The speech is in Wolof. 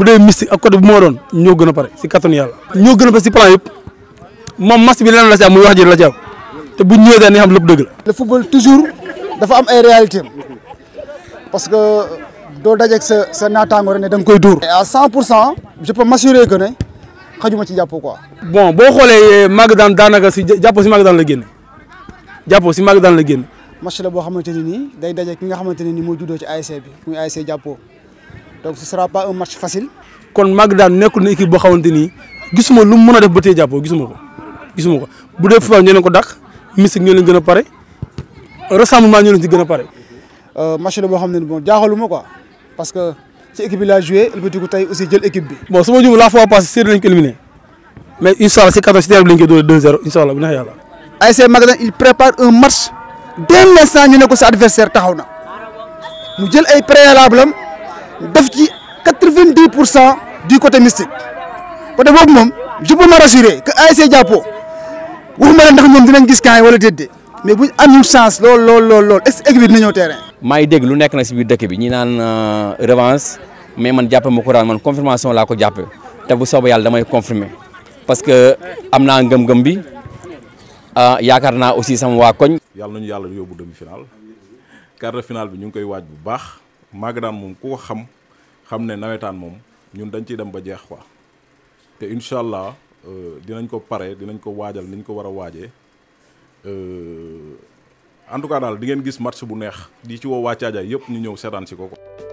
bu dee mystique a côté bu moo doon ñoo gën a pare si kattanu yàlla. ñoo gën a pare si plan yëpp moom match bi leneen la si am muy wax ji la ci te bu ñëwee daal di xam lépp dëgg la. le football dafa am ay réalité parce que doo dajeeg sa sa naataango rek ne da koy duur à 100 pour cent je peux m'assurer que ne xajuma ci jàpp ko bon boo xoolee màgg daan daanaka si jàppoo si màgg daan la génn jàppoo si màgg daan la génn. match la boo xamante ne nii day daje ki nga xamante ne nii moo juddoo ci ASC bi muy ASC jàppoo. donc ce sera pas un match facile. kon Maguette Dame nekkul na équipe boo xamante ni gisuma lu mu mën a def ba tey jàppoo gisuma ko gisuma ko bu dee football ñoo leen ko dàq mystique ñoo leen gën a pare rassemblement ñoo leen ci gën a pare. Euh, match boo xam ne bon jaaxaluma quoi parce que ci équipe bi laa joué ëlbatiku tey aussi jël équipe bi. bon su ma juum la fois passée série lañ ko éliminé mais incha allah si kattan si terrain bi lañ koy doole 2-0 incha allah bu neexee yàlla. ASC Maguette Dame il prépare un match dès ne ko sa adversaire taxaw na jël ay préalable def ci quatre du côté mystique côté boobu mom je peux me rassurer que ASC Jàppo waxuma la ndax ñoom dinañ gis kay wala déedéet mais bu buñ une chance lool lool lool lool est-ce équipe bi terrain. maa dégg lu nekk na ci biir dëkk bi ñi naan euh, revanche mais man jàppe ma ko man confirmation la ko jappé te bu soobee Yalla damay confirmer parce que amna ngëm-ngëm bi ah naa aussi sama wa koñ. yàlla nañu yàlla yobu demi final quart de finale bi ñu koy waaj bu baax. Magadaan moom ku ko xam xam ne nawetaan moom ñun dañ ciy dem ba jeex ko te incha allah euh, dinañ ko pare dinañ ko waajal ni ko war a waajee euh, en tout cas daal di gis match bu neex di ci woo waa Caajaay yëpp ñu ñëw seetaan si ko ko